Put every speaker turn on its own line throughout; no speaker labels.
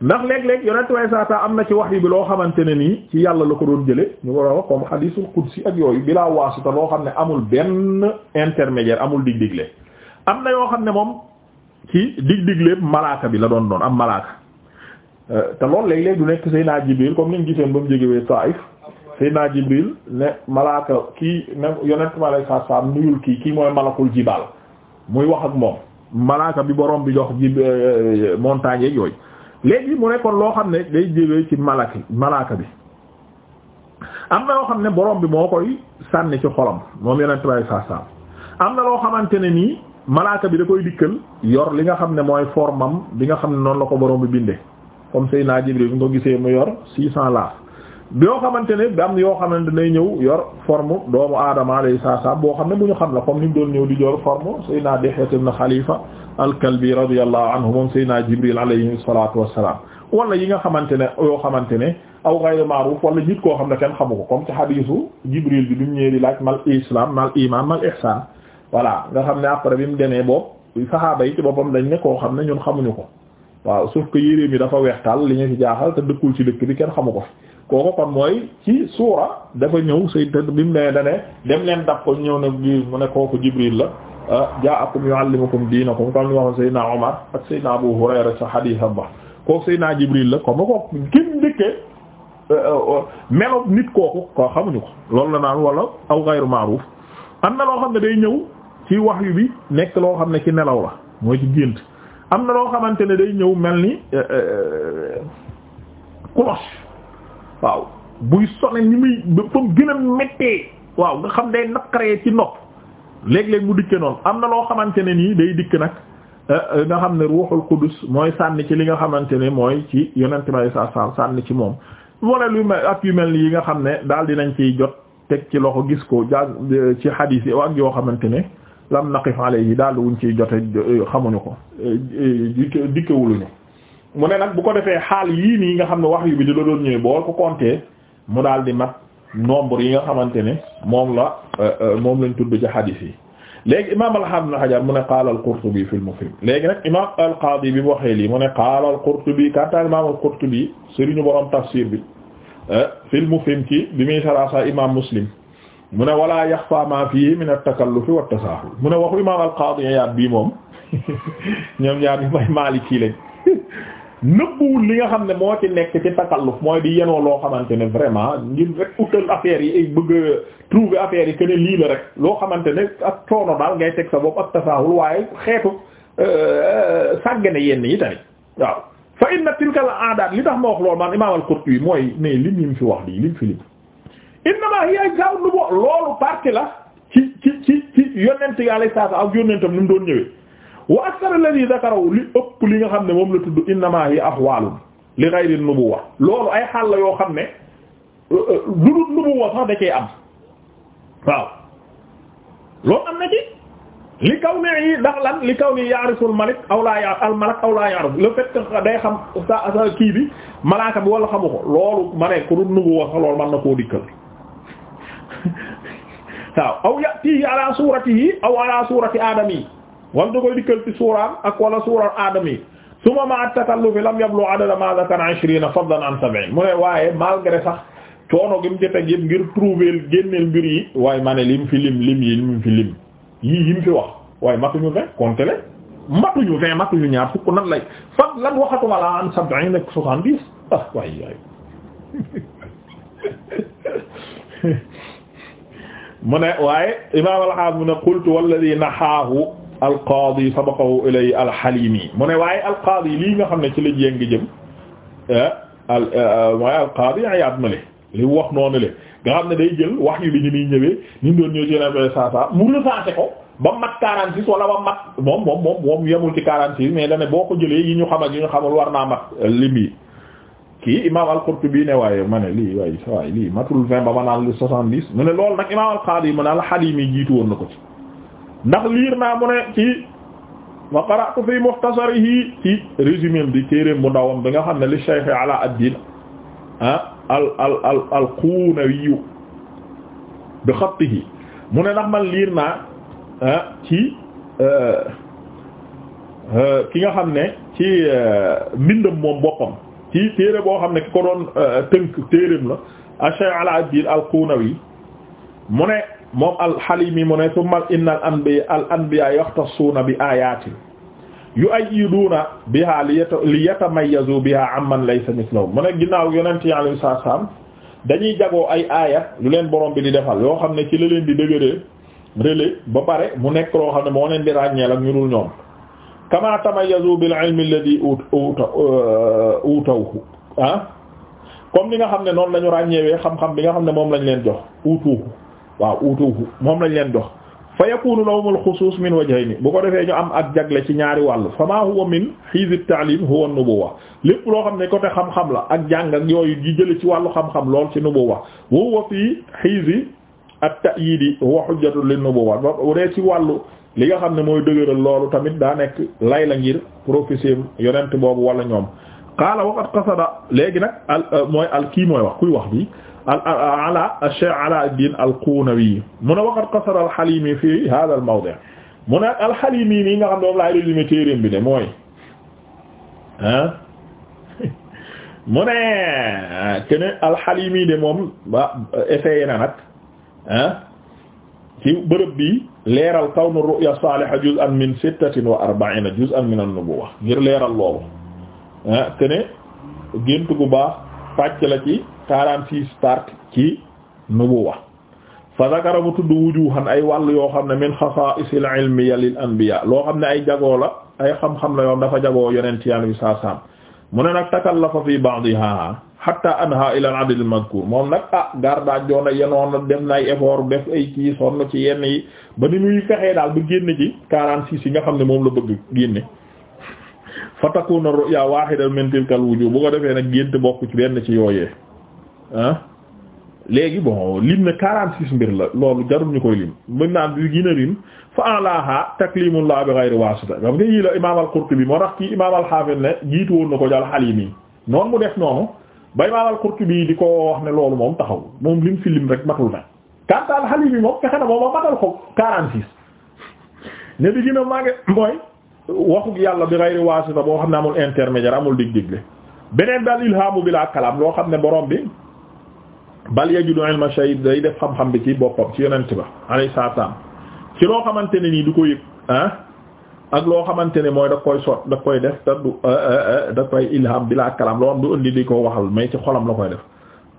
ndax léeg-léeg yonent way saa am na ci wax yi bi loo xamante ne nii ci yàlla la ko doon jële ñu ko wax comme hadisul si ak yooyu bilaa waasita loo xam ne amul benn intermédiaire amul dig digle am na yoo xam ne moom ci dig digleeb malaaka bi la doon doon am malaaka euh, te loolu léeg-léeg du nekk Seydina Jibril comme ni ñu giseen ba mu jegewee Taif Seydina Jibril ne malaaka kii ne yonent ma lay saat nuyul kii kii mooy malakul jibaal muy wax ak moom malaaka bi borom bi jox jib euh, montagne yooyu léegi mu ne loo xam ne day jëlee ci malaki malaka bi am na loo xam ne borom bi moo koy sànni ci xolam moom yeneen tubaab yi am na loo xamante ne nii malaaka bi da koy dikkal yor li nga xam ne mooy formam bi nga xam ne noonu la ko borom bi bindee comme naa Jibril bi nga ko gisee mu yor 600 laaf. yoo xamante ne bi am yoo xamante ne ñëw yor forme doomu aadama alayhi salaam boo xam ne bu ñu xam ne comme ni mu doon ñëw di yor forme Seydina Dihya ibn Khalifa al-Kalbi radiyallahu anhu moom Seydina Jibril alayhi salaatu wassalaam wala yi nga xamante ne yoo xamante ne aw ghayr ma'ruf wala nit koo xam ne kenn xamu ko comme ci hadiisu Jibril bi bi mu ñëwee di laaj mal islam mal iman mal ihsan voilà nga xam ne après bi mu demee boobu saxaaba yi ci boppam dañ koo xam ne ñun xamuñu ko waaw sauf que yére mi dafa weextaal li ñu jaaxal te dëkkul ci dëkk bi kenn xamu ko kooku kon mooy ci suura dafa ñëw say tëdd bi mu ne dane dem leen dab ko ñëw na mu ne kooku Jibril la ah, ja'akum yu'allimukum diinakum comme li ma waxoon Seydina Omar ak Seydina Abu Hurayra sa hadith ba kooku Seydina Jibril la comme ko kim ndëkkee eh, eh, melo nit kooku ko xamuñu ko loolu la naan wala aw ghayru ma'ruf am na loo xam ne day ñëw ci wahyu bi nekk loo xam ne ci nelaw la mooy ci gént am na loo xamante ne day ñëw mel ni cloche eh, waaw buy sone ni muy fa mu gën a waaw nga xam day naqaree ci nopp léeg-léeg mu dikke noonu am na loo xamante ne nii day dikk nag eh, eh, nga xam ne ruuxul qudus mooy sànni ci li nga xamante ne mooy ci yonent bi saa saa sànni ci moom wala lu mel ak yu mel yi nga xam ne daal nañ ciy jot teg ci loxo gis ko jàng eh, ci xadiis yi ak yoo xamante ne lam naqif alayhi daal wuñ ciy jote xamuñu ko dikkewuluñu mu ne nag bu ko defee xaal yii nii nga xam ne wax yu bi di la doon ñëwee boo ko compter mu daal di mat nombre yi nga xamante ne moom la euh, euh, moom lañ tudd ci hadith yi léegi imaam al-Hafiz Ibn Hajar mu ne qaala al-Qurtubi fi léegi nag imaam al bi mu waxee lii mu ne qaala al-Qurtubi kanta imaam al-Qurtubi sëriñu borom tafsir bi fi al ki ci bi muy sarah imaam Muslim mu ne wala yaxfaa maa fiihi min at-takalluf wa at mu ne waxu imaam bii moom ñoom ñaar ñu may nëbbuwul li nga xam ne moo ci nekk ci takalluf mooy di yenoo loo xamante ne vraiment ngir rek utal affaires yi ay bëgg trouver affaires yi que ne lii la rek loo xamante ne ak coono daal ngay teg sa bopp ak tasaahul waaye xeetu euh, sàggane yenn yi tamit waaw fa inna tilka al aadat li tax ma wax loolu man imam al-Qurtubi mooy ne lim yi mu fi wax lii lim fi lim innama hiya jaawul lu bo loolu partie la ci ci ci ci yonent yàlla saa sa ak yonentam ni mu doon ñëwee wa akthar alladhi dhakarahu li ëpp li nga xam ne moom la tudd innama hi ahwaalun li ghayri nubuwa loolu ay xaal la yoo xam ne euh, euh, lu dul nubuwa sax da cee am waaw loolu am na ci li kaw ne yi ndax lan li kaw ni laa ya aw laa day xam sa kii bi malaaka bi wala xamu ko loolu ma ne ku dul nubuwa sax loolu mën na koo dikkal waaw aw yatihi ala suratihi aw ala surati aadami wala da koy dikkal ci suuraam ak wala suural aadama yi suma ma at-takallufi lam yablu adada ma zakara ishrina fadlan an sab'in mu ne waaye malgré sax coono gi mu jot ak yëpp ngir trouver génneel mbir yi waaye ma ne lim fi lim lim yi lim fi lim yii yim fi wax waaye matuñu vingt compter leen matuñu vingt matuñu ñaar fukk nan lay fadlan waxatuma la an sab'in ak soixante-dix ah waaye waaye mu ne waaye imaam al-Hafiz mu ne qultu walladhi nahaahu alqaadi sabaqahu ilay alxalimi mu ne waaye alqaadi lii nga xam ne ci la jéng jëm eh, al eh, waaye alqaadi Iyaad ma le li wax noonu le nga xam ne day jël wax yu bi ni muy ñëwee ni mu doon ñëw ci yeneen saa saa mu recensé ko ba mat 46 wala ba mat moom moom moom moom yemul ci 46 mais dane boo ko jëlee yi ñu xam ak yi ñu xamul war naa mat eh, lim kii imaam al-Qurtubi ne waaye ma ne lii waaye sa waaye lii matul 20 ba ma naan lu 70 mu ne loolu nag imaam woon na ko ndax liir naa mu ne ci wa qara'tu fi mukhtasarihi ci résumé bi téeréem bu ndawam bi nga xam ne li Cheikh Ala ad-Din ah al al al al Qunawi bi xattihi mu ne ndax man liir naa ah ci euh, euh, ki nga xam ne ci euh, mbindam moom boppam ci téere boo xam ne ki ko doon tënk téeréem la Cheikh Ala ad-Din al Qunawi mu ne. moom alxalimi mu ne summa inna al anbiya al anbiya yaxtassuuna bi ayatin yu'ayyiduuna biha li yatamayyazu biha amman laysa mithlahum mu ne ginnaaw yonent yi alayhi salaam dañuy jagoo ay aaya yu leen borom bi di defal yoo xam ne ci la leen di dëgëree relais ba pare mu nekk loo xam ne moo leen di ràññeel ak ñu dul ñoom kama tamayyazu bil ilmi alladhi uh, utawhu ah comme ni nga xam ne noonu la ñu ràññeewee bi nga xam ne moom lañ leen jox waaw utuuhu moom lañ leen jox fa yakunu lahumul xusuus min wajhayni bu ko defee ñu am ak jagle ci ñaari wàll fa ma huwa min xiisi taalim huwa wax lépp loo xam ne côté xam-xam la ak jàng yooyu di jële ci wàllu xam-xam lool ci nubuwa wa huwa fii xiisi at ta'yidi huwa hujjatun lin nubuwa bu dee ci wàllu li nga xam ne mooy dëgëral loolu tamit daa nekk lay la ngir prophétie yonent boobu wala ñoom qaala waqad qasada léegi nag al euh, mooy al kii mooy wax kuy wax bi ala Cheikh Alaaddin al-Qunawi mu ne waqad qasara al-Halimi fi hadha al-mawdi' mu ne al-Halimi nii nga xam ne moom laay résumé téeréem bi ne mooy ah mu ne que ne al-Halimi de moom ba essayé na nag ah ci bërëb bi leeral kawnu ru'ya saaliha juz'an min sittatin wa arba'ina juz'an min an-nubuwwa ngir leeral loolu ah que ne gént gu baax. pàcc la ci quarante six part ci nubuwa fa zakara mu tudd wujuhan ay wàll yoo xam ne min xasaa'isil ilmiya lil anbiya loo xam ne ay jagoo la ay xam-xam la yoon dafa jagoo yonent yaan bi saa saam mu ne nag takallafa fi ba'diha hatta anha ila al-adad al-madhkur moom nag ah garda joona yenoona def na ay effort def ay kii ci yenn yi ba ni muy fexee daal ba génn ci quarante six yi nga xam ne moom la bëgg génne fa takuna ru'ya wahida min tilka al wujuh bu ko defee nag gént bokk ci benn ci yooyee ah léegi bon lim ne quarante six mbir la loolu jarul ñu koy lim mën naa bi gën a lim fa alaha taklimullah bi ghayri wasita xam nga yii la imam al-Qurtubi moo tax ci imam al ne jiitu woon na ko jàl Halimi noonu mu def noonu ba imam al-Qurtubi di ko wax ne loolu moom taxaw moom lim fi lim rek matul na quant à moom fexe na moom a matal ko quarante six a màgge waxu yàlla bi ghayri wasita boo xam ne amul intermédiaire amul dig-digle beneen daal ilhaamu bilaa kalaam loo xam ne borom bi bal yajudu ilma shahid day def xam-xam bi ci boppam ci yonent ba alayhi salaam ci loo xamante ne nii du ko yëg ah, ak loo xamante ne mooy da koy sot da koy def te du eh, eh, eh, da koy ilham bilaa kalaam loo xam du indi di ko waxal mais ci xolam la koy def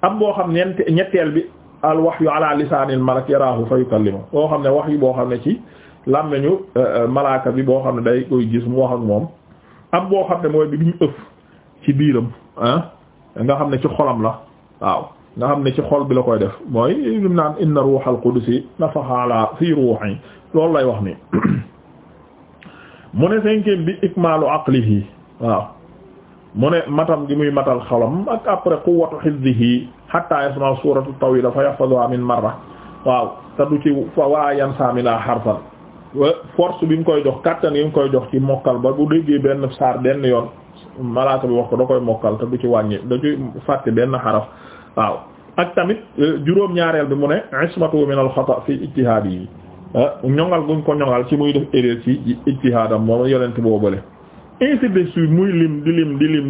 am boo xam ñeent ñetteel bi al wahyu ala lisaanil malak yaraahu fa yukallimu boo xam ne wahyu ci làmmeñu euh, euh, malaaka bi boo xam ne day koy gis mu wax moom am boo xam ne mooy bi bi ëf ci biiram nga xam ne ci xolam la waaw nga xam ne ci xol bi la koy def mooy lim naan inna ruuxal qudusi nafaxa ala fi ruuxi loolu lay wax ni mu ne cinquième bi ikmaalu aqlihi waaw mu ne matam gi muy matal xolam ak après quwwatu hifzihi hatta yasma suratu tawila fa yahfazuha min marra waaw te du ci fa waa yansa min la harfan force bi mu koy jox kattan yi mu koy jox ci mokkal ba bu déggee benn saar benn yoon malaaka bi wax ko da koy mokkal te du ci wàññi da ci fàtte benn xaraf waaw ak tamit euh, juróom ñaareel bi mu ne ismatu min xata fi ijtihaad yi euh, ñoŋal guñ ko ñoŋal ci muy def erreur ci ijtihaadam moom yonent boobale ainsi de suite muy lim di lim di lim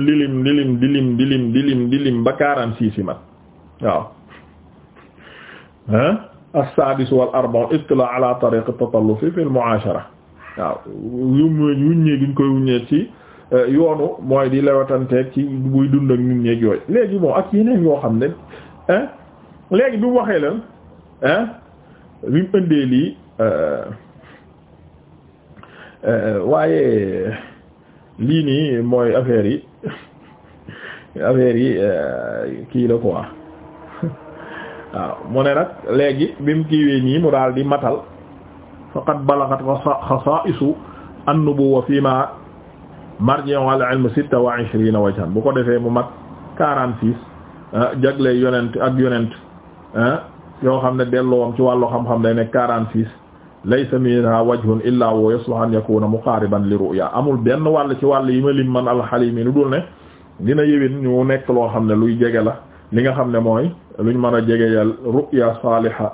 di lim di lim ba quarante-six waaw as-sadis wal arba'u ittila ala tariq at-tatalluf fi al-mu'ashara waaw yuñ wuññee giñ koy wuññee ci euh, yoonu mooy di lewatanteeg ci buy dund ak nit ñeeg yooyu léegi bon ak yeneen yoo xam ne léegi bi mu waxee lan bi mu ëndee lii euh, euh, waaye lii nii mooy affaire yi affaire yi kii la quoi waaw mu ne nag léegi bi mu kiiwee nii mu daal di matal faqad balagat xasaa'isu an-nubuwwa fii ma marji'u al-ilm sitta wa ishrina wajhan bu ko defee mu mat quarante six ah, jagle yonent ak yonent ah, yoo xam ne delloowam ci wàllu xam-xam ne nekk quarante six laysa minha wajhun illa wa yasluhu an yakuna muqariban li ru'ya amul benn wàll ci wàll yi ma lim man alxalimi lu dul ne dina yëwin ñu nekk loo xam ne luy jege la li nga xam ne mooy ñu mën a jege jegeyal ru'ya saliha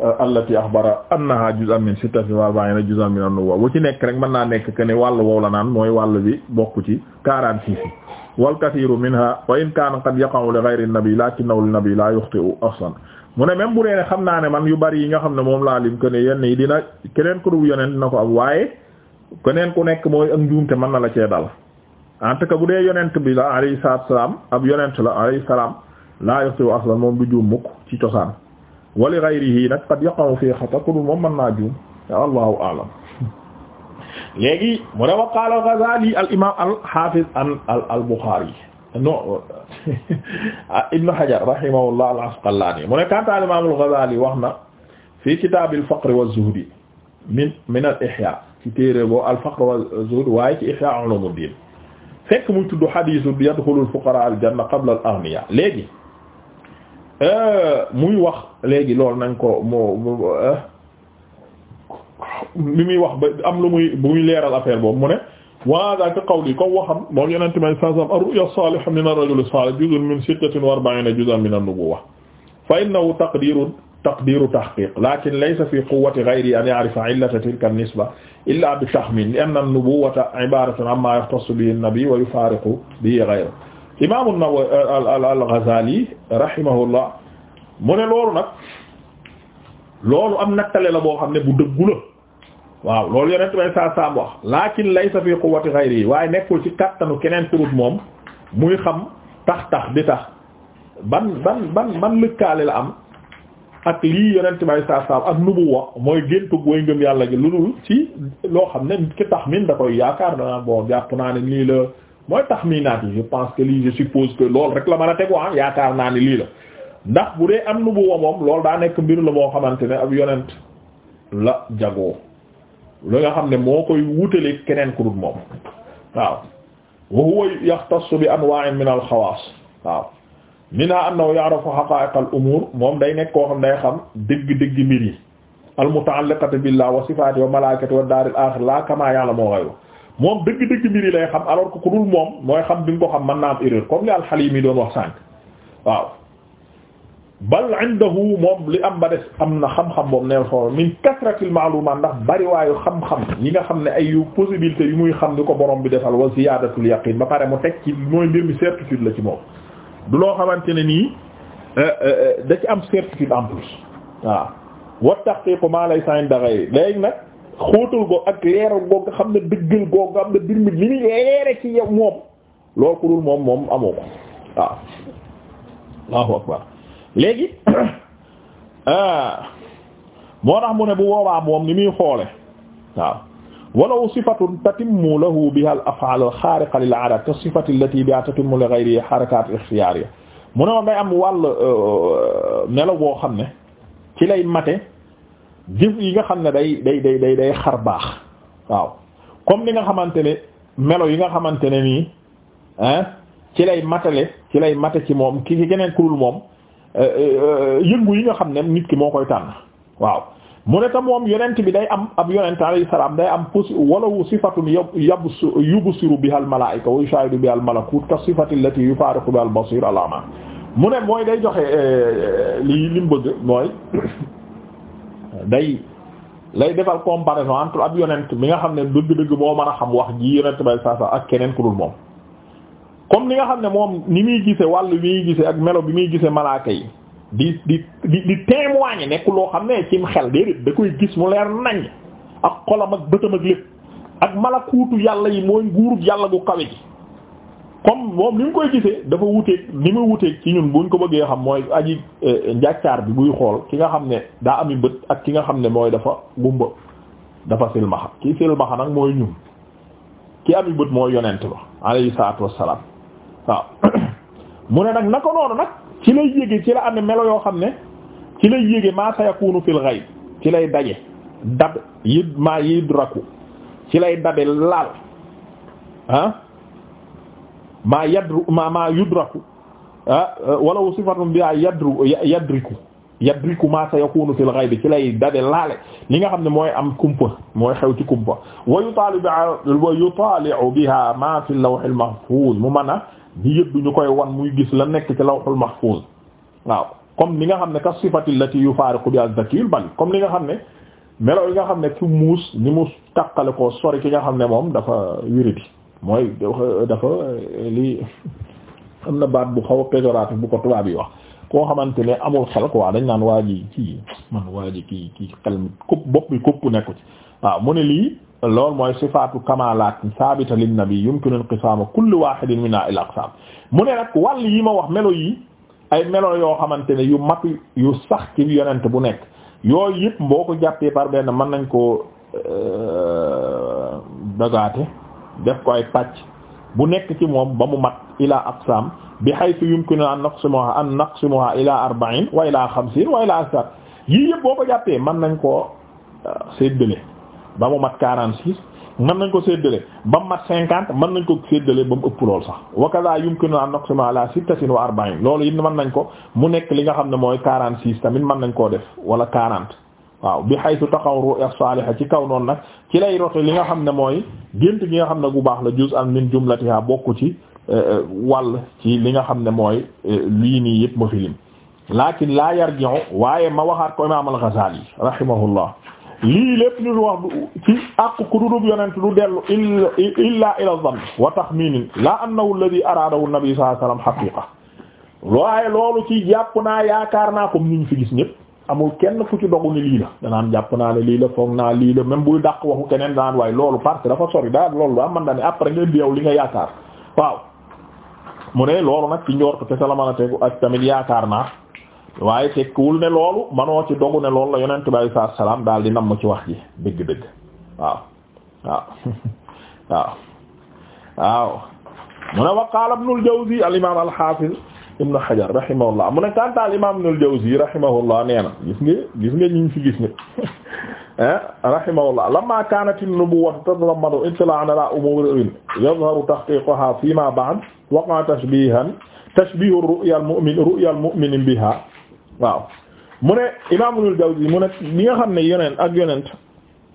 euh, allati akhbara annaha juz'an min sittati wa arba'ina juz'an min an-nubuwwa bu ci nekk rek mën naa nekk que ne wàll woow la naan mooy wàll bi bokk ci quarante six yi wal kathiru minha wa in kaana qad yaqa'u li ghayri an-nabi lakinnahu an-nabi la yukhti'u aslan mu ne même bu nee ne xam naa ne man yu bari yi nga xam ne moom laa lim que ne yenn yi dina keneen ku dul yonent dina ko am waaye keneen ku nekk mooy ak njuumte man na la cee dal en tout bu dee yonent bi la alayhi salaam ab yonent la alayhi laa yoxtiwu aslan moom du juum mukk ci cosaan wali ghayrihi nag qad yaqamu fii xata ku dul moom mën naa juum allahu a'lam léegi mu ne wa qaala al-Ghazali al imam al hafiz an al Bukhari no ibn Hajar rahimahullah al Asqalani mu ne kanta al imam al Ghazali wax na fi kitab al faqr wa zuhdi min min al ihya ci téere boo al faqr wa zuhd waaye ci ihya ulumuddin fekk mu tudd hadith yadkhulu al fuqara al janna qabla al aghniya léegi Euh, muy wax léegi loolu nañ ko moo euh, li muy wax ba am lu muy bu muy leeral affaire boobu mu ne wa hada ka qawli comme waxam moom yenente may sasam ar-ru'ya as-salih min ar-rajul as-salih juz'un min sittatin wa arba'ina juz'an min an-nubuwwa fa innahu taqdirun taqdiru tahqiq lakin laysa fi quwwati ghayri an ya'rifa 'illata tilka an-nisba illa bi takhmin li anna an-nubuwwata 'ibaratun amma yahtassu bihi an-nabi wa yufariqu bihi ghayruhu imaamu Nawawi euh, al-Ghazali rahimahullah mu ne loolu nag loolu am nattale la boo xam ne bu dëggu la waaw loolu yonent bay saa saam wax lakin laysa fi quwwati ghayri waaye nekkul ci kattanu keneen turut moom muy xam tax tax di tax ban ban ban lëkkaale la am ak lii yonent bay saa saam ak nubuwa mooy géntug way ngëm yàlla gi lu dul ci loo xam ne ki tax min da koy yaakaar danaa boo jàpp naa ne nii la mooy taxminaat yi je pense que lii je suppose que lool rek la mën a tegu ah yaakaar naa ni lii la ndax bu dee am nubuwa moom loolu daa nekk mbir la moo xamante ne ab yonent la jagoo lu nga xam ne moo koy wutale keneen ku dul moom waaw wa huwa yaxtassu bi anwaa'in min al xawaas waaw minha na ya'rifu haqaa'iq al umuur moom day nekkoo koo xam day xam dëgg-dëgg mbir yi al muta'alliqati billahi wa sifaatihi wa malaa'ikatihi wa daaril aaxir laa kamaa moom dëgg-dëgg mbiri lay xam alors que ku dul moom mooy xam bi nga ko xam mën naa am erreur comme li alxalim yi doon wax sànq waaw bal indahu moom li am ba des am na xam-xam boobu neen solo min kasratil maalumaat ndax bariwaayu xam-xam ñi nga xam ne ay yu possibilité yu muy xam ni ko borom bi defal wa ziyaadatul yaqiin ba pare mu teg ci mooy mbir mi certitude la ci moom du loo xamante ne nii euh, euh, euh, da ci am certitude en plus waaw wa taxqiiqu maa laysa inda ghayri xóotal googu ak leeral googu xam ne dëggal googu nga xam ne mbir mi li ñu leere ci yow moom loolu ku dul moom moom amoo ko waaw allahu akbar léegi ah, moo tax mu ne bu boobaa moom ni muy xoole waaw walaw sifatun tatimmu lahu biha al af'al al xaariqa lil adat ka sifati allati biha tatimmu li ghayrihi harakat ikhtiyariya mu ne woon day am wàll euh, melo boo xam ne ci lay mate jëf yi nga xam ne day day day day day xar baax waaw comme ni nga xamante ne melo yi nga xamante ne nii ci lay matale ci lay mate ci moom ki ki keneen kurul moom euh, euh, yëngu yi nga xam ne nit ki moo koy tànn waaw mu ne tam moom yonent bi day am ab yonent alayhi salaam day am pos walawu sifatun yabs yubsiru biha al malaa'ika wa yushahidu biha al malakut ka sifati allati yufariqu biha al basir al ama mu ne mooy day joxe euh, lii li mu bëgg mooy day lay defal comparaison entre ab yonent bi nga xam ne dëgg-dëgg moo mën a xam wax ji yonent bay ak keneen ku dul moom comme ni nga xam ne moom ni muy gise wàll bi muy gise ak melo bi muy gise malaaka yi di di di di témoigner nekk loo xam ne cim xel déedéet da koy gis mu leer nañ ak xolam ak bëtam ak lépp ak malakuutu yàlla yi mooy nguurub yàlla gu kawe ji comme moom ni mu koy gisee dafa wuteeg li mu wuteeg ci ñun buñ ko bëggee xam mooy aji eh, njàccaar bi buy xool ki nga xam ne daa ami bët ak ki nga xam ne mooy dafa gumba dafa silmaxa ki silmaxa nag mooy ñun ki ami bët mooy yonent ba alayhi salaatu wassalaam waaw mu ne nag naka noonu nag ci lay yége ci la amee melo yoo xam ne ci lay yége maa sayakunu fil ghaib ci lay daje dab yid maa yidraku ci lay dabe laal ah? maa yadru ma maa yudraku ah eh, walaw sifatun bi yadru yadriku yadriku ma sa yakunu fil ghayb ci lay dade laale li nga xam ne mooy am kumpa mooy xew ci kumpa wa yutalibu wa yutali'u biha ma fi lawhil mahfuz mu mën a di yëddu ñu koy wan muy gis la nekk ci lawhul mahfuz waaw comme li nga xam ne ka sifati allati yufariqu biha zakiyul bal comme li nga xam ne melo yi nga xam ne ci muus ni mu tàqale ko sori ki nga xam ne moom dafa wiridi mooy dafa li am na baat bu xaw a péjoratif bu ko tubaab yi wax koo xamante ne amul xel waa dañ naan waa ji kii man waa ji kii kii xel kupp bopp bi kupp nekku ci waaw mu ne lii loolu mooy sifaatu kamalaat saabita lin nabi yumkinu inqisaama kulli wahidin minha ila aqsam mu ne nag wàll yi ma wax melo yi ay melo yoo xamante ne yu mat yu sax ci yonent bu nekk yooyu yëpp boo ko jàppee par benn mën nañ ko euh, dagaate def ko ay bu nekk ci moom ba mu mat ila aqsam bi haythu yumkinu an naqsimaha an naqsimaha ila arba'in wa ila xamsin wa ila asar yii yëpp boo ko jàppee mën nañ koo euh, séddale ba mu mat quarante six mën nañ ko séddale ba mu mat cinquante mën nañ ko séddale ba mu ëpp lool sax wa kadha yumkinu an naqsima ala sittatin wa arba'in loolu it mën nañ ko mu nekk li nga xam ne mooy quarante six tamit mën nañ koo def wala quarante waaw bi haytu taxaw ru'ya saaliha ci kaw noonu nag ci lay rote li nga xam ne mooy gént gi nga xam ne gu baax la juz'an min jumlatiha bokk ci euh, euh, wàll ci li nga xam ne mooy euh, lii nii yëpp ma fi lim lakin laa yarji'u waaye ma waxaat ko imaam al-Ghazali rahimahullah lii lépp ñu wax ci àq ku dudub yonent du dellu illa ila zann wa taxminin la annahu alladhi araadahu nabi sallallahu alayhi wasallam haqiqa waaye loolu ci jàpp naa yaakaar naa comme ni ñu fi gis ñëpp amul kenn fu ci dogu ni lii la danaan jàpp naa ne lii la foog naa lii la même buy dàq waxu keneen daan waaye loolu parce que dafa sori daal loolu daa mën na ne après ngeen di yow li nga yaakaar waaw mu ne loolu nag ci njort kese la mën a tegu ak tamit yaakaar naa waaye tekkiwul ne loolu manoo ci dogu ne loolu la yonent bi alayhi salaatu salaam daal di namm ci wax ji dëgg-dëgg waaw waaw waaw waaw mu ne wa qaala Ibnul Jawzi al-imaam al-Haafiz ibn Hajar rahimahullah mu ne kantaal imam Ibnul Jawzi rahimahullah nee na gis nga gis nga ñi fi gis ni rahimahullah lamma kanat an-nubuwwatu tatadammanu ittila'an ala umurin yadharu tahqiquha fima ba'd waqa'a tashbihan tashbihu ru'ya al-mu'min mu ne imam nga xam ne yonent ak yonent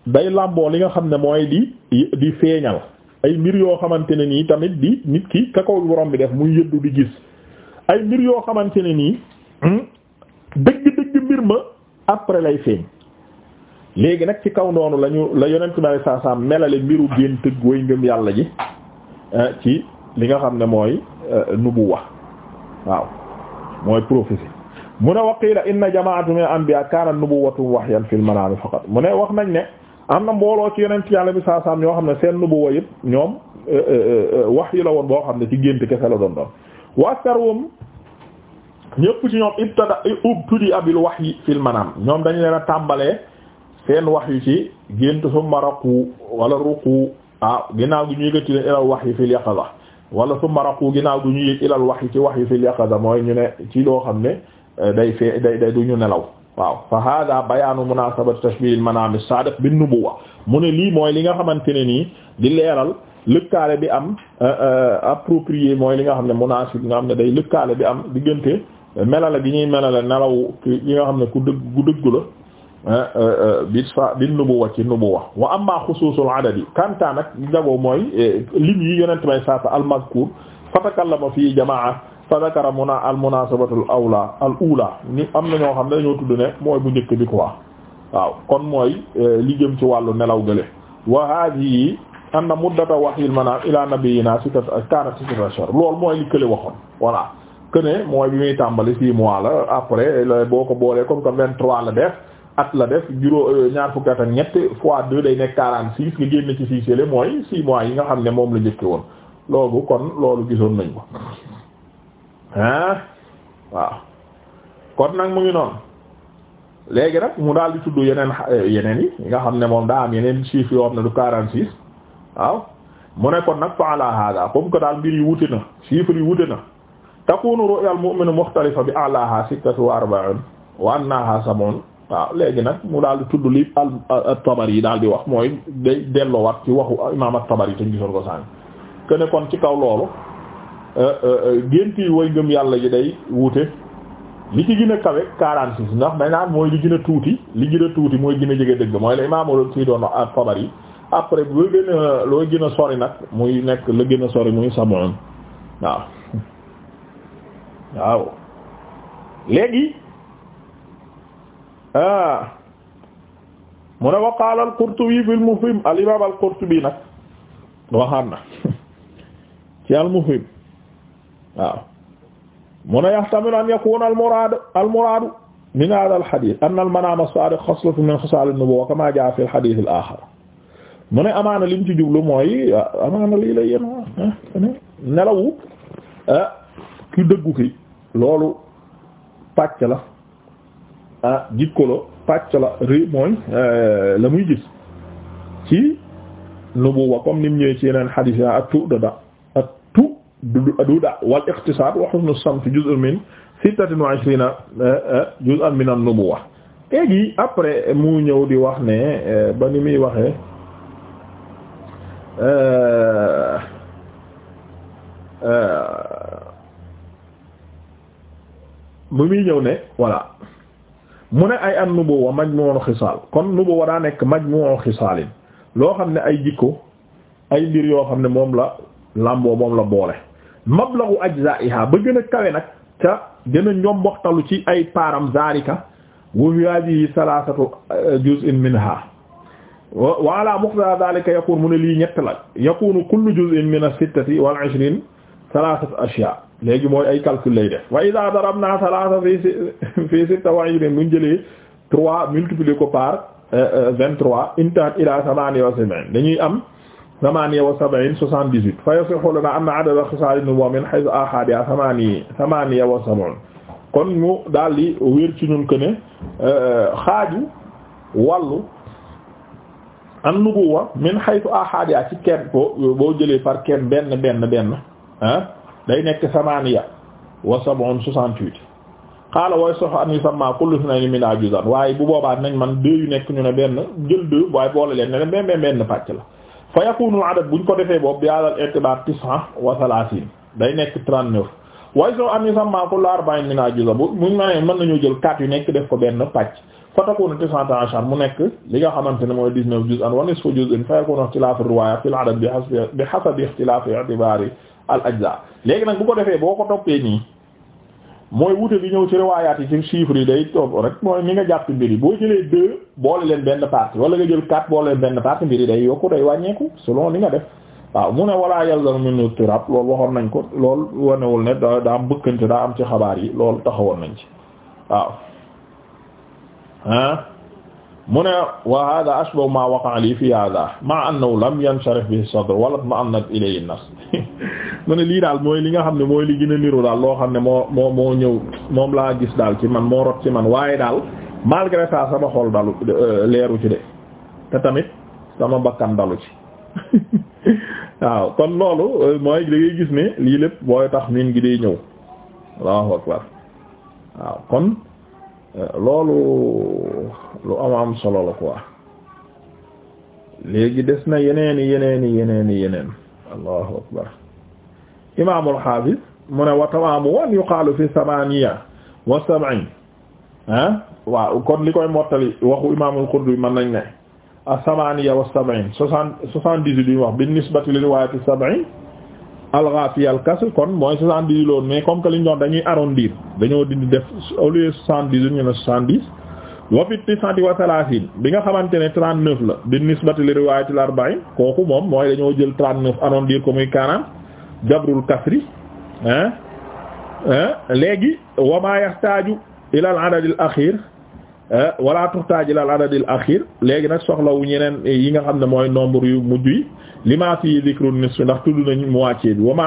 day làmboo li nga xam ne mooy di di feeñal ay mbir yoo xamante ne nii tamit di nit ki ka ko borom bi def muy yëddu di gis ay mbir yoo xamante ne nii hmm, dëgg-dëgg mbir ma après lay feeñ léegi nag ci kaw noonu lañu la yonent bi sallallahu alayhi wasallam melale mbiru gént ak way ngëm yàlla ji eh, ci li nga xam ne mooy eh, nubu wax waaw mooy prophétie mu ne waqiila inna ak min anbiya kaana nubuwatu wahyan fil manaami faqat mu ne wax nañ ne am na mbooloo ci yonent yàlla bi sallallahu yoo xam ne seen nubuwa yëpp ñoom eh, wax yi la woon boo xam ne ci gént kese la doon doon wa aktharuhum ñëpp ci ñoom ibtada ubtudi abil wahyi fil manam ñoom dañu leen a tàmbalee seen wax yu ci gént summa raqu wala ruqu ah ginnaaw gi ñu yëgati leen ilal wahyi fil yaqaza wala summa raqu ginnaaw gi ñu yëg ilal wahyi ci wahyi fil yaqaza mooy ñu ne ci loo xam ne eh, day fee day day du ñu nelaw waaw fa hada bayaanu munasabati tashbihil manam as-sadiq bin nubuwwa mu ne lii mooy li nga xamante ne nii di leeral lëkkaale bi am euh, euh, approprié mooy li nga xam ne munaasib nga xam ne day lëkkaale bi am diggante melale bi ñuy melale nelaw yi nga xam ne ku dëgg ku dëggu la euh, bi fa bi nubuwa ci nubuwa wa amma xusuusul adadi kanta nag njagoo mooy eh, lim yi yonent may saasa almazkur fatakallama fii jamaa fa zakara muna al munasabatul awla al ula ni am na ñoo xam ne dañoo tudd ne mooy bu njëkk bi quoi waaw kon mooy eh, li jëm ci wàllu nelaw gële wa hadihi anna muddata wahyil manaam ila nabiyyina sittata kaanat sittata ashhur loolu mooy li kële waxoon voilà que ne mooy bi muy tàmbali six mois la après boo ko boolee comme que vingt-trois la def at la def juróom euh, ñaar fukki ak ñett fois deux day nekk quarante-six nga génn ci six yële mooy six mois yi nga xam ne moom la njëkke woon loolu kon loolu gisoon nañ ko ah waaw kon nag mu ngi noonu léegi nag mu daal di tudd yeneen euh, yeneen yi nga xam ne moom daa am yeneen chiffres yoo xam ne du quarante waaw mu ne kon nag fa ala hada comme que daal mbir yi wute na chiffres yi wute na takunu ru'yal mu'min mukhtalifa bi waar sittatu wa arba'un wa annaha sab'un waaw léegi nag mu daal di tudd li at-Tabari yi daal di wax mooy day delloowaat ci waxu imaam at-Tabari te ñu gisoon ko sànq que kon ci kaw loolu euh, euh, gént yi way ngëm yàlla yi day wuute li ci gën a kawe 46 ndax dañ naan mooy li gën a tuuti li gën tuuti mooy gën a jege dëgg mooy la imaam al-Tabari après bu gën a loo nag muy nekk la gën a sori muy samoon waaw waaw léegi ah wa qaala al-Qurtubi fil Mufhim al-imam al-Qurtubi nag waxaan na ci al-Mufhim waaw mu ne yahtamilu an yakuna al-muraadu al-muraadu min haadha al-hadiith anna al-manaam as-saadiq min xasaal an-nubuwwa kamaa jaa'a fi al-hadiith al-aaxar mu ne amaana li mu ci jublu mooy ah, amaana lii lay yéen ah nelawu ah, ki dëggu ki loolu pàcc la ah jikko la pàcc la ri mooy eh, la muy gis ci nubuwa comme ni mu ñëwee ci yeneen xadiis yi ak tu du ak tu du da wal iqtisaad wa husnu samt juz'un min sittatin wa ishrina eh, eh, juz'an min an-nubuwa léegi après mu ñëw di wax ne ba ni muy waxee. Euh, euh, bu muy ñëw ne voilà mu ne ay an nubuwa majmu'u xisaal kon nubuwa daa nekk majmu'u xisaalin loo xam ne ay jikko ay mbir yoo xam ne moom la làmboo moom la boole mablagu ajza'iha ba gën a kawe nag ca gën a ñomboxtalu ci ay paaram zalika wa hadhihi salasatu euh, juz'in minha wa ala muqtada dhalika yakun mu ne lii ñett la yakunu kullu juz'in min as-sittati wal 'ishrin thalathat ashya léegi mooy ay calcul lay def wa idha darabna thalatha fi fi sitta wa 'ishrin mun jëlee trois multiplier ko par euh, euh, vingt-trois intahat ila thamaniya wa sab'in dañuy am thamaniya wa sab'in soixante-dix-huit fa yasihu lana anna 'adada khisal an-nubuwwa min haythu ahadiha thamaniya thamaniya wa sab'un kon mu daal di wér ci ñun que ne euh, xaaju wàllu an nubuwa min haythu ahadiya ci kenn ko boo jëlee par kenn benn benn benn ah day nekk samaniya wa sab'un soixante-huit xaala way sox an yusamma kullu sunayn min ajuzan waaye bu boobaat nañ man deux yu nekk ñu ne benn jël deux waaye boole leen ne benn benn benn pàcc la fa yakunu adad buñ ko defee boobu bi alal itibar tis'a wa thalathin day nekk trente-neuf way sox an yusamma kullu arba'in min ajuzan bu muñ ma ne mën nañu jël quatre yu nekk def ko benn pàcc fatakunu tis'ata ashar mu nekk li nga xamante ne mooy dix-neuf juz'an wa nisfu juz'in fa yakunu ikhtilaaf riwaaya fil adad bi hasabi ikhtilaaf i'tibaari al ajza léegi nag bu ko defee boo ko toppee nii mooy wute bi ñëw ci riwaayaat yi ci chiffres yi day topp rek mooy ni nga jàpp mbir yi boo jëlee deux boole leen benn partie wala nga jël quatre boole leen benn partie mbir yi day yokku day wàññeeku selon li nga def waaw mu ne walaa yalzam min ittirab loolu waxoon nañ ko loolu wanewul ne daa am bëkkante daa am ci xabaar yi loolu taxawoon nañ ci waaw ah mu ne wa hada ashbahu ma waqa'a li fi hada ma annahu lam yansharih bihi sadr wala tma'annat ilayhi an-nafs mu ne lii daal mooy li nga xam ne mooy li gën a niru daal loo xam ne moo moo moo ñëw moom laa gis daal ci man moo rot ci man waaye daal malgré ça sama xol dalu euh, leeru ci de te tamit sama bakkan dalu ci waaw kon loolu euh, mooy da gis ne lii lépp booy tax miin gi day ñëw allahu akbar waaw kon loolu lu am am solo la quoi léegi des na yeneeni yeneeni yeneeni yeneen allahu akbar imaamul xaafis mu ne wa tamaamu wan yuqaalu fi samaniya wa sab'in ah waaw kon li koy mottali waxu imaamul Qurtubi mën nañ ne a samaniya wa sab'in soixante soixante-dix-huit bi ñu wax bi nisbati li al-ghafi al-kasr kon mooy soixante-dix loolu mais comme que li ñu doon dañuy arrondir dañoo dindi def au bi nga xamante ne trente-neuf la bi nisbati li riwayati al kooku moom mooy dañoo jël trente-neuf arrondir ko muy quarante jabrul kasri hein hein léegi wa ma yahtaju ila al-adad al-akhir Euh, wala tuxtaaj ila al adadil axir léegi nag soxlawu ñeneen yi nga xam ne mooy nombre yu mujj yi lima fi zikru nisf ndax tudd nañ moitié bi wa ma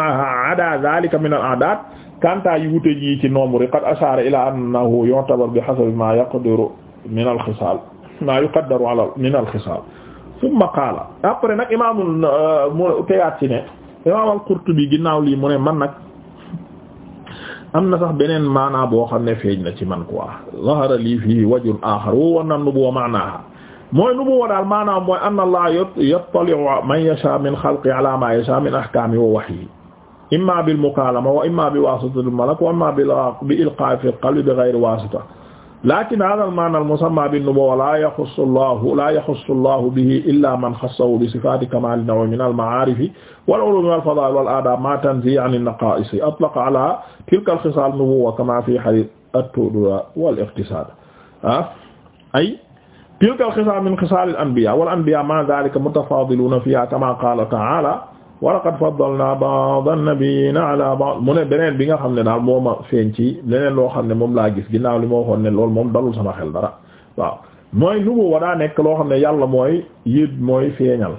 ada zalika min al adad kanta yi wute yi ci nombre yi qad ashara ila annahu yu'tabar bi hasabi ma yaqdiru min al xisaal ma yuqaddaru ala min al xisaal thumma qaala après nag imaamul euh, mu tegaat ci ne imaam al qurtubi ginnaaw lii mu ne man nag am na sax beneen maanaa boo xam ne feeñ na ci man quoi zahara lii fii wajun axar woo war na nubuwa maanaa mooy nubuwa daal maanaa mooy anna allah yattali'u man yasha min xalqi ala ma yasha min ahkaami wa wahyi imma bil mukaalama wa imma bi waasitati al malak wa imma bi ilqaa'i fil qalbi bi ghayri waasita lakin hada al maana al musamma bin nubuwwa la yaxussu llahu la yaxussu llahu bihi illa man xassahu bi sifaati kamaali naw min al maarifi wal ulumi wal fadaa'il wal aadaab ma tanzihi an naqaa'is atlaqa ala tilka al xisaal nubuwwa kama fi hadiis at-tuduraa wal iqtisaad ah ay tilka al xisaal min xisaal al anbiyaa wal anbiyaa ma zaalika mutafaadiluuna fiihaa kama qaala ta'aalaa wa laqad faddalna ba'da an-nabiyina ala ba'd mu ne beneen bi nga xam ne daal moo ma feeñ ci leneen loo xam ne moom laa gis ginnaaw li ma waxoon ne loolu moom dalul sama xel dara waaw mooy nu mu war a nekk loo xam ne yàlla mooy yit mooy feeñal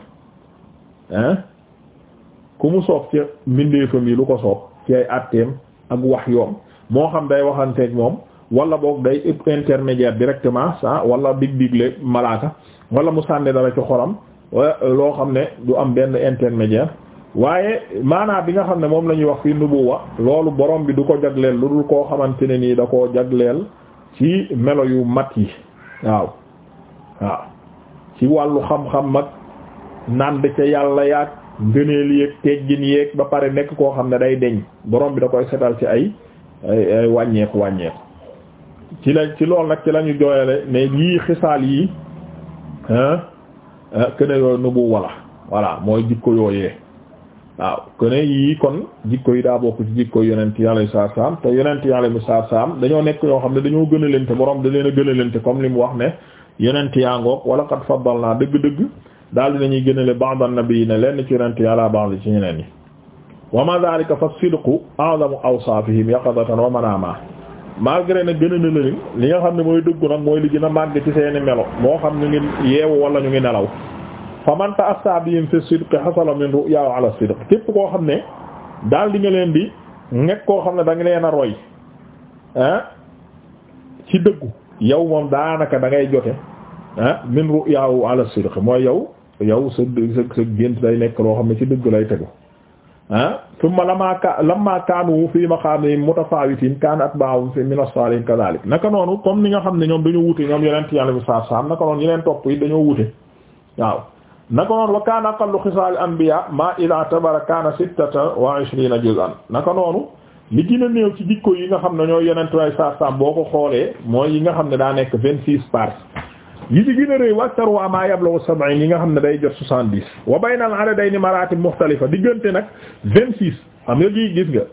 ku mu soob ci mbindeefam yi lu ko soob ci ay atteem ak wax yoom moo xam day waxanteeg moom wala boog day intermédiaire directement sa wala dig digle malaaka wala mu sànni dara ci xolam loo xam ne du am benn intermédiaire waaye maanaa bi nga xam ne moom la ñuy wax fii nubuwa loolu borom bi du ko jagleel lu dul koo xamante ne nii da koo jagleel ci melo yu mat yi waaw waaw ci wàllu xam-xam mag nànd ca yàlla yaag ngëneel yéeg teggin yéeg ba pare nekk koo xam ne day deñ borom bi da koy setal ci ay wàññeeku wàññeeku ci la ci loolu nag ci la ñu jooyale ne yii xisaal yi ah kene yooyu nubuwa la voilà mooy jikko yooyee waaw kone yii kon jikko yi daa bokk ci jikko yonent yi alayhi salaatu salaam te yonent yi alayhi salaatu saam dañoo nekk yoo xam ne dañoo gën a lente da leen a gën a comme li mu wax ne yonent yaa ngoog wala qad faddalnaa dëgg-dëgg daal dinañuy gënale ba'da nabiyyiina lenn ci yonent yi ala ba'd ci ñeneen ñi wa ma daalika fa sidqu a'zamu awsaafihim yaqadatan wa manaama malgré ne gën a na li nga xam ne mooy dëggu nag mooy li gën a màgg ci seeni melo moo xam ñu ngi yeewu wala ñu ngi nelaw fa man ta'assa bihim fi sidqi hasala min ru'ya ala sidq képp koo xam ne daal di nga leen bi nekk koo xam ne da nga leen a roy ah ci dëggu yow moom daanaka da ngay jote ah min ru'ya ala sidq mooy yow yow sa sa sa gént day nekk loo xam ne ci dëgg lay tegu ah thumma lama ka lamma kaanu fii maqaamihim mutafaawitiin kaana atbaa'uhum fi min as-saalihiin kadhaalik naka noonu comme ni nga xam ne ñoom dañoo wute ñoom yeneen yàlla bi saa saam naka yeneen topp yi dañoo wute waaw naka noonu wa kaana aqallu xisaal anbiya ma ila tabara kaana sittata wa ishrina juz'an naka noonu li gën a néew ci jikko yi nga xam ne ñoo yenentu way sarsam boo ko xoolee mooy yi nga xam ne daa nekk vingt six parts yi ci gën a rëy waktar waa maa yablawu sab'in yi nga xam ne day jot soixante dix wa bay baynal adadayni maratib mukhtalifa diggante nag vingt six am nga gi gis nga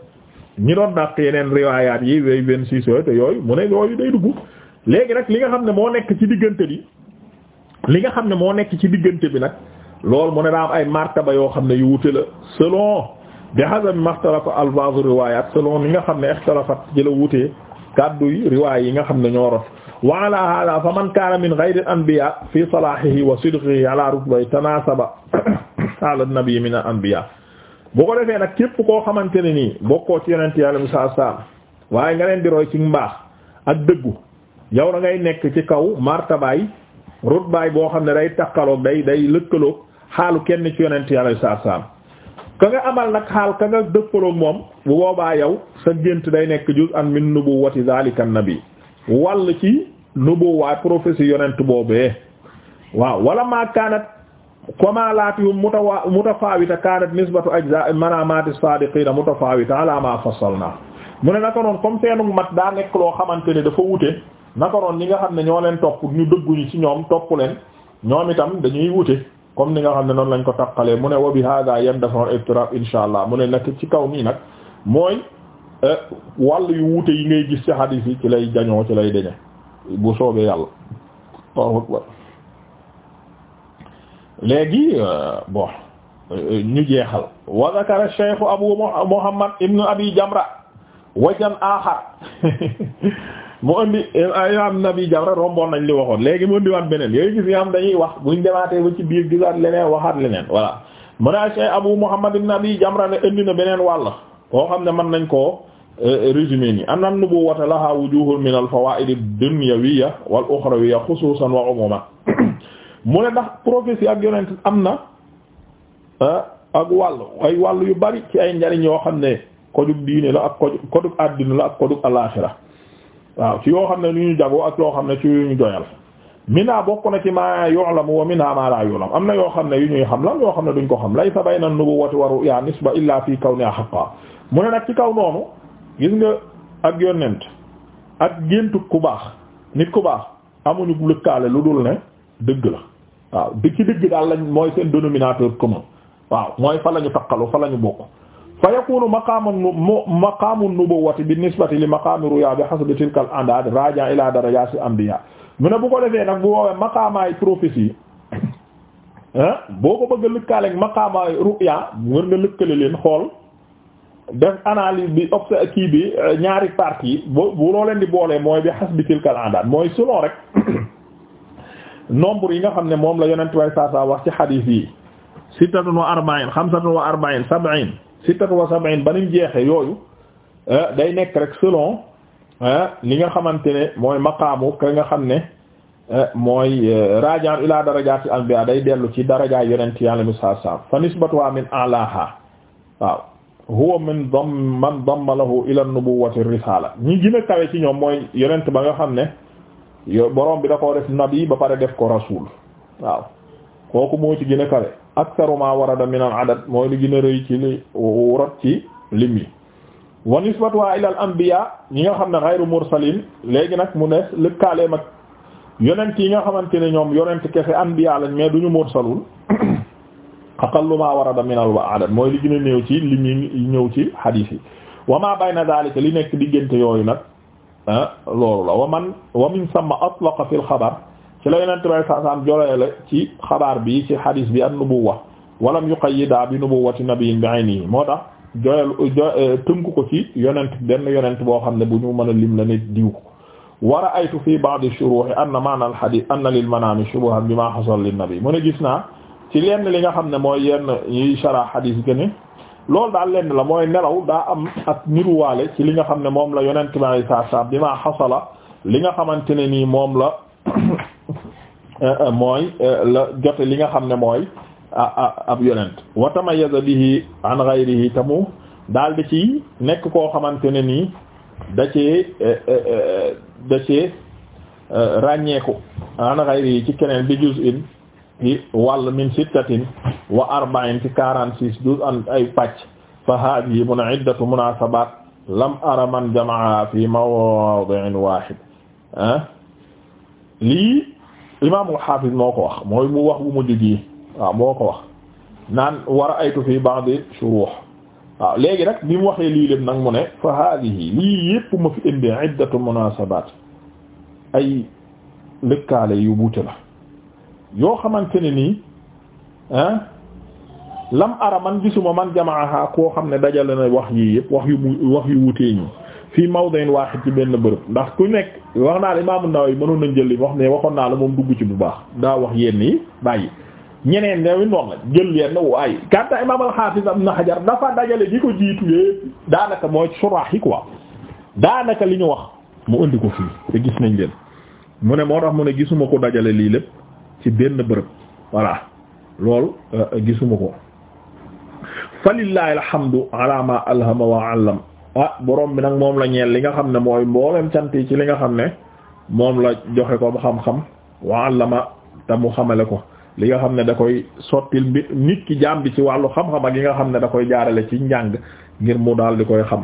ñi doon dàq yeneen riwaayaat yi yooyu vingt six yooyu te yooyu mu ne dugg léegi nag li nga xam ne moo nekk ci diggante bi li nga xam ne moo nekk ci diggante bi nag loolu mu ne daa am ay martaba yoo xam ne yu wute la selon bi hasab maxtalafa alfaazu riwayat selon li nga xam ne ixtalafat ci la wutee kàddu yi riwaay yi nga xam ne ñoo rot wa ala fa man kaana min ghayri anbiya fi salahihi wa sidqihi ala rutbay tanasaba ala nabi min al anbiya bu ko defee nag képp koo xamante ne nii bokkoo ci yonent yàlla mi saa saam waaye nga leen di roy ci mbaax ak dëggu yow ngay nekk ci kaw martabaay rutbaay boo xam ne day takkaloog day day lëkkaloog xaalu kenn ci yonent yàlla saa saam ka nga amal nag xaal ka nga dëppaloog moom bu boobaa yow sa gént day nekk juz an min nubuwati zalika nabi wàll ci nubuwaay prophétie yonent boobee waaw wala maa kaanat kamaalaatihum mutawa mutafaawita kaanat nisbatu ajza manaamaati saadiqiina mutafaawita ala ma fassalna mu ne naka noonu comme seenu mat daa nekk loo xamante ni dafa wute naka noonu ñi nga xam ne ñoo leen topp ñu dëgguñu ci ñoom topp leen ñoom itam dañuy wute comme ni nga xam ne noonu lañ ko taqalee mu ne wa bi hada yan dafanon ibtirab insha allah mu ne nag ci kaw nii nag mooy euh, wàll yu wute yi ngay gis ci hadis yi ci lay jañoo ci lay deñe bu soobee yàlla léegi euh, bon euh, ñu jeexal wa zakara abu muhammad ibn abi jamra wajan axar mu andi eh, imaam Nabi Jamra romboon nañ li waxoon léegi mu andiwaat beneen yooyu gis nga am dañuy wax buñ demaatee ba ci biir gisaat leneen waxaat leneen voilà mu ne Cheikh Abu Muhammad ibn Abi Jamra ne indi na beneen wàll koo xam ne mën nañ koo eh, résumé ni anna nubuwwata laha wujuhun min al-fawaa'id ad-dunyawiyya wal-ukhrawiyya khususan wa 'umuman mu ne ndax prophétie ak yonent am na eh, ak wàll ay wàll yu bari ci ay njariñ yoo xam ne kojug diine la ak kojug àddina la waaw ci yoo xam ne lu ñu jagoo ak loo xam ne ci yu ñu doyal mina bokk na ci ma yu'lamu wa mina ma la yu'lam am na yoo xam ne yu ñuy xam la yoo xam ne duñ ko xam laysa bayna nubuwwati wa ru'ya nisba illa fi kawniha haqqan mu ne nag ci kaw noonu gis nga ak yonent ak géntu ku baax nit ku baax amuñu lëkkaale lu dul ne dëgg la waaw di ci dëgg daal lañ mooy seen dénominateur commun waaw mooy fa lañu takkaloo fa lañu bokk fa yakunu maqaamu nu maqaamu nubuwwati bi nisbati li maqaami ruyaa bi hasabi tilkal andaad raaja ila darajaati anbiyaa mu ne bu ko defee nag bu woowee maqaamaay prophétie boo ko bëgg a lëkkaale ruyaa war nga lëkkale leen xool def analyse bi obse kii bi ñaari partie bu bu loo di boolee mooy bi hasabi tilkal andaad mooy selon rek nombre yi nga xam ne moom la yonent way saa wax ci hadith yi sittatun wa arba'in xamsatun wa arba'in sab'in sittatu wa ba nim jeexe yooyu eh, day nekk rek selon eh, li nga xamante ne mooy maqaamu ka nga xam ne eh, mooy rajan ila darajati anbiya day dellu ci daraja yonent yàlla mi saa saam fa nisbatuha min alaha waaw huwa min dam man damma lahu ila nubuwati risala ñi gën a kawe ci ñoom mooy yonent ba nga xam ne yo borom bi da koo def nabi ba pare def ko rasul waaw kooku moo ci gën kawe aktaru ma warada min al adad mooy li gën a rëy ci li rot ci lim yi wa nisbatuha ila al anbiya ñi nga xam ne ghayru mursalin léegi nag mu ne lëkkaaleem ak yonent yi nga xamante ne ñoom yonent kese anbiya lañ mais duñu mursalul aqallu ma warada min al adad mooy li gën a néew ci lim yi ñëw ci hadith yi wa ma bayna dhalika li nekk diggante yooyu nag ah loolu la wa man wa min sama atlaqa fil xabar ci la yonent bay saasaam jolele ci xabaar bi ci hadis bi an nubuwa walam yuqayyida bi nubuwati nabiyyin bi aynihi moo tax joyal eh, tënku ko ci yonent benn yonent boo xam ne bu ñu mën a lim la ne diw ko wa ra'aytu fi ba'd ash-shuruh anna ma'na al-hadith anna lil manami shubuhan bima hasala lin nabi mu ne gis naa ci lenn li nga xam ne mooy yenn yiy shara hadis gëne loolu daal lenn la mooy nelaw daa am ak niruwaale ci li nga xam ne moom la yonent bi saa saa bi ma xasala li nga xamante ne nii moom la Euh, euh, mooy euh, la jote li nga xam ne mooy ab yonent wa tamayaza bihi an ghayrihi tamu daal di ci nekk koo xamante ne nii da cee da cee ràññeeku an ci keneen bi juz'in ci min sittatin wa arba'in ci quarante six juz'an ay pàcc fa hadihi mun iddatu munasabat lam ara man jamaa fi mawdi'in wahid ah imaamul xaafis moo ko wax mooy mu wax bu mu jugee waaw moo ko wax naan war a aytu fii ba'di shuruux waaw léegi nag bi mu waxee lii lépp nag mu ne fa haadihi lii yépp ma fi indi iddatu munaasabaat ay lëkkaale yu buute yoo xamante ne nii ah lam ara man gisuma man jamaaha koo xam ne dajale na wax yii yépp wax yu mu wax yu wuutee ñi fii mawdin wahid ci benn bërëb ndax ku nekk wax naa la Imam An-Nawawi mënoon nañ jël li wax ne waxoon naa la moom dugg ci bu baax daa wax yenn yi bàyyi ñeneen newi noonu la jël yenn waaye kanta Imam al-Hafiz Ibn dafa dajale gi ko jiitu yee daanaka mooy suraax yi quoi daanaka li ñu wax mu indi ko fii te gis nañ leen mu ne moo tax mu ne gisuma ko dajale lii lépp ci benn bërëb voilà loolu euh, gisuma ko falillahi alhamdu ala alhama wa allam ah borom bi nag moom la ñeel li nga xam ne mooy mboolem cant yi ci li nga xam ne moom la joxe ko xam-xam wa ma te mu xamale ko li nga xam ne da koy sottil mbir nit ki jaam bi ci wàllu xam-xam ak yi nga xam ne da koy jaarale ci njàng ngir mu daal di koy xam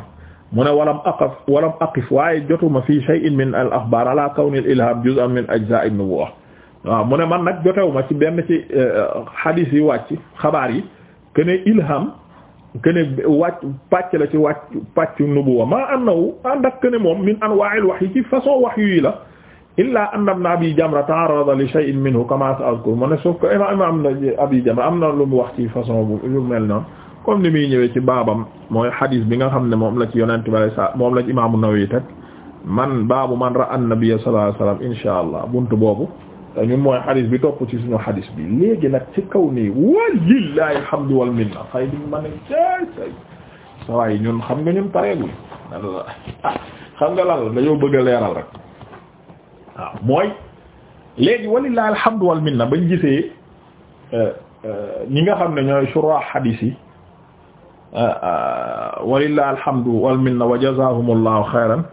mu ne walam aqaf walam aqif waaye jotuma fii shay'in min al axbaar ala kawni al ilham juz'an min ajza'i nubuwwa waaw mu ne man nag jotewuma ci benn ci eh, hadith yi wàcc xabaar yi kene ilham kene wàcc pàcc la ci wàcc pàcc nubuwa maa annahu ànd ak kene moom min anwa'il wahyi ci façon wahyu yi la illa anna ibn abi jamra ta'arrada li shay'in minhu kama sa'adkur mu ne sauf que imam abi jamra am na lu mu wax ci façon bu lu mel noonu comme ni muy ñëwee ci baabam mooy xadiis bi nga xam ne moom la ci yonent bi sa moom la ci imaamu Nawawi teg man baabu man ra'a an-nabiyya sallallahu alayhi wasallam insha allah buntu boobu ñun mooy xadis bi topp ci suñu xadis bi léegi nag ci kaw nii walillahi alhamdu wal minna fay di ma ne jaay say sawaay ñun xam nga ñun pareegul ah xam nga lan la dañoo bëgg a leeral rek waaw ah, mooy léegi walillahi alhamdu wal minna bañ gisee euh, euh, ñi nga xam ne ñooy surah xadis yi euh, walillahi alhamdu wal minna wa jazaahumullahu xayran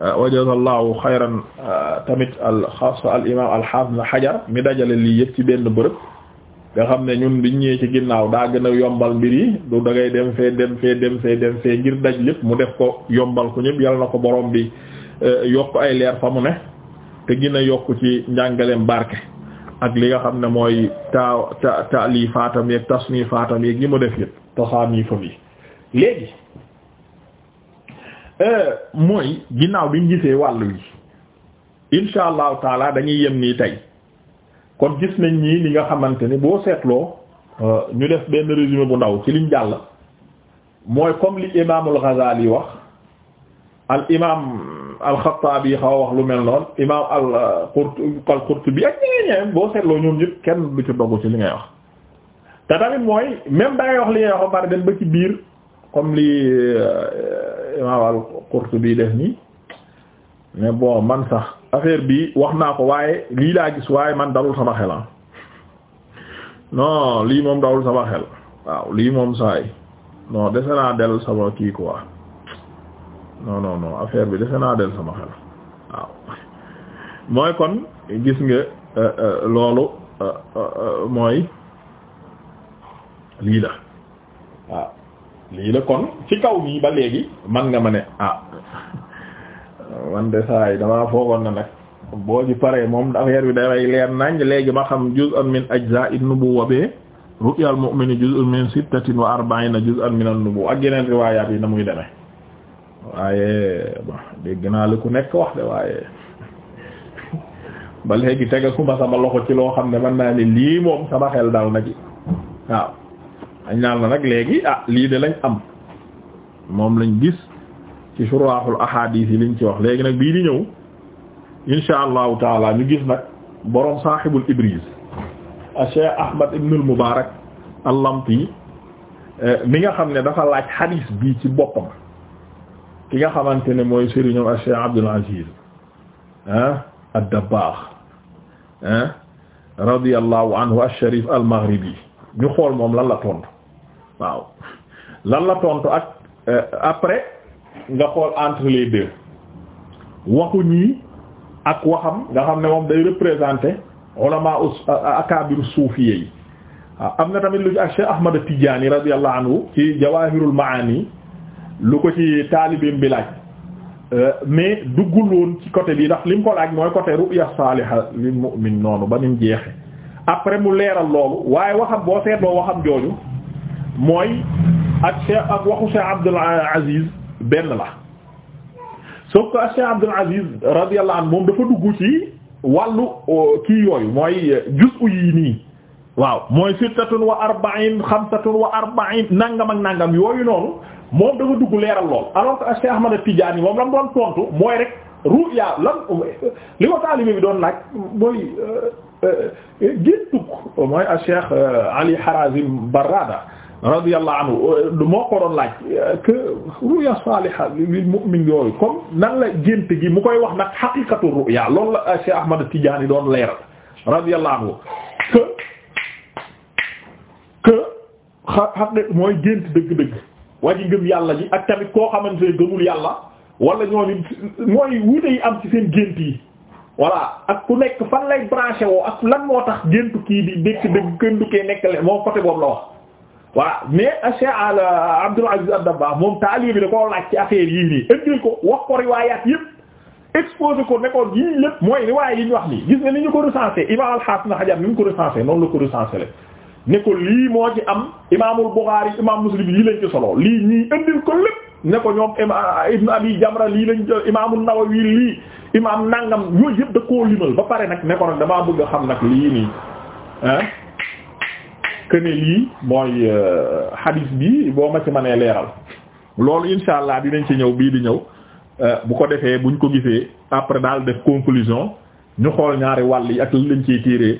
wa jazallahu xayran euh, tamit al xaasa al imaam al xaafis na xajar mi dajale lii yëpp ci benn bërëb nga xam ne ñun biñ ñëwee ci ginnaaw daa gën a yombal mbir yi du dangay dem fee dem fee dem fee ngir daj lépp mu def ko yombal ko ñëpp yal na ko boroom bi euh, yokk ay leer fa mu ne te gën a yokk ci njàngaleem barke ak li nga xam ne mooy ta ta taalifaatam yeeg tasnifaatam yeeg yi mu def yëpp tasaanifam yi léegi Eh, mooy ginnaaw bi ñu gisee wàll wi insha allahu taala dañuy yem nii tey kon gis nañ ñii li nga xamante ni boo seetloo euh, ñu def benn résumé bu ndaw ci liñ jàll mooy comme li imaamul Ghazali wax al imaam al Xattaabi xaw a wax lu mel noon imaam al euh, Qurtubi al Qurtubi ak ñeneen ñi boo seetloo ñoom ñëpp kenn du ci dogu ci li ngay wax te tamit mooy même dangay wax li ngay wax ba pare dem ci biir. comme lii euh, imaam al-Qurtubi def nii mais bon man sax affaire bi wax naa ko waaye lii laa gis waaye man dalul sama xel ah. non lii moom dalul sama xel waaw lii moom saay non dese naa del sama kii quoi non non non affaire bi dese naa del sama xel waaw mooy kon gis nga euh, euh, loolu mooy lii la waaw lii la kon ci kaw nii ba léegi man nga ma ne ah man de saa yi damaa foogoon na nag boo ci paree moom affaire bi dafay leer nañ léegi ma xam juz'un min ajza'i an-nubuwwa bi ru'yal mu'mini juz'un min sittatin wa arba'ina juz'an min an-nubuwwa ak yeneen riwaayaat yi na muy demee waaye bon dégg naa li ku nekk wax de waaye ba léegi tega kuma sama loxo ci loo xam ne man naa ni lii moom sama xel dal na ci waaw ñaan la nag léegi ah lii de lañ am moom lañ gis ci suraaxul ahadith yi liñ ci wax léegi nag bii di ñëw insha allahu taala ñu gis nag borom saaxibul ibriz a cheikh ahmad ibnul mubarak al-lamti eh, mi nga xam ne dafa laaj hadith bii ci boppam ki nga xamante ne mooy sëriñam a cheikh abdul aziz ah ad-dabbaax ah radiyallahu anhu al-sharif al-maghribi ñu xool moom lan la tontu waaw lan la tontu ak euh, après nga xool entre les deux waxu ñii ak waxam nga xam ne moom day représenter ulama euh, akabir suufiyé yi waaw ah, am na tamit lu ci ak Cheikh Ahmad Tidiane radiyallahu anhu ci Jawahirul Maani lu ko ci taalibeem bi laaj euh, mais duggul woon ci côté bi ndax li mu ko mooy côté ru'ya saaliha lil mu'min noonu ba nim jeexe après mu leeral loolu waaye waxam boo seetoo waxam jooju mooy ak Cheikh ak waxu Cheikh Abdul Aziz benn la sauf que ak Cheikh Abdul Aziz radiyallahu anhu moom dafa dugg ci wàllu euh, kii yooyu mooy euh, juz'u yi nii waaw mooy sittatun wa arba'in xamsatun nangam ak nangam yooyu noonu moom dafa dugg leeral lool alors que Cheikh Ahmad Tidiane moom la doon tontu mooy rek ruya lam li ko taalibe bi doon laaj mooy euh, géntug mooy Cheikh Ali Harazim Barrada radiyallahu anhu euh, moo ko doon laaj euh, que ruya saliha lil mu'min yooyu comme nan la gént gi mu koy wax nag xaqiqatu ruya loolu la euh, Cheikh Ahmad Tidiane doon leeral radiyallahu anhu que que xaqi mooy gént dëgg-dëgg waji ngëm yàlla ji ak tamit koo xamante ne gëmul yàlla wala ñooñu mooy wuute yi am ci seen gént yi voilà ak ku nekk fan lay branché woo ak lan moo tax gént kii di dëkk dëgg gëndukee nekk leen moo côté boobu la wax voilà mais a Abdul Aziz Ad-Dabbagh moom taalibe bi da koo laaj ci affaire yii nii indil ko wax ko riwaayaat yëpp exposé ko nekkoon yii lépp mooy riwaay yi ñu wax nii gis nga ni ñu ko recensé imam al-Hafiz Ibn Hajar ni mu ko recensé noonu la ko recensé le ne ko lii moo ci am imaamul Bukhari imam Muslim yii lañ ci solo lii ñii indil ko lépp ne ko ñoom Ibn Abi Jamra lii lañ imam an-Nawawi lii imam nangam yooyu yëpp da koo limal ba pare nag ne ko nag damaa a xam nag lii nii ah que ne lii mooy euh, hadith bi boo ma ci manee leeral loolu insha allah dinañ ci ñëw bii di ñëw euh, bu ko defee buñ ko gisee après daal def conclusion ñu xool ñaari wàll yi ak li lañ ciy tiiree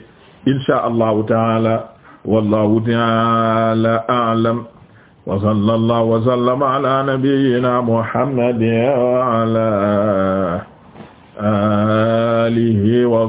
insha allahu taala wallahu taala a'lam wa sallallahu bi sallama ala nabiyyina muhammadin wa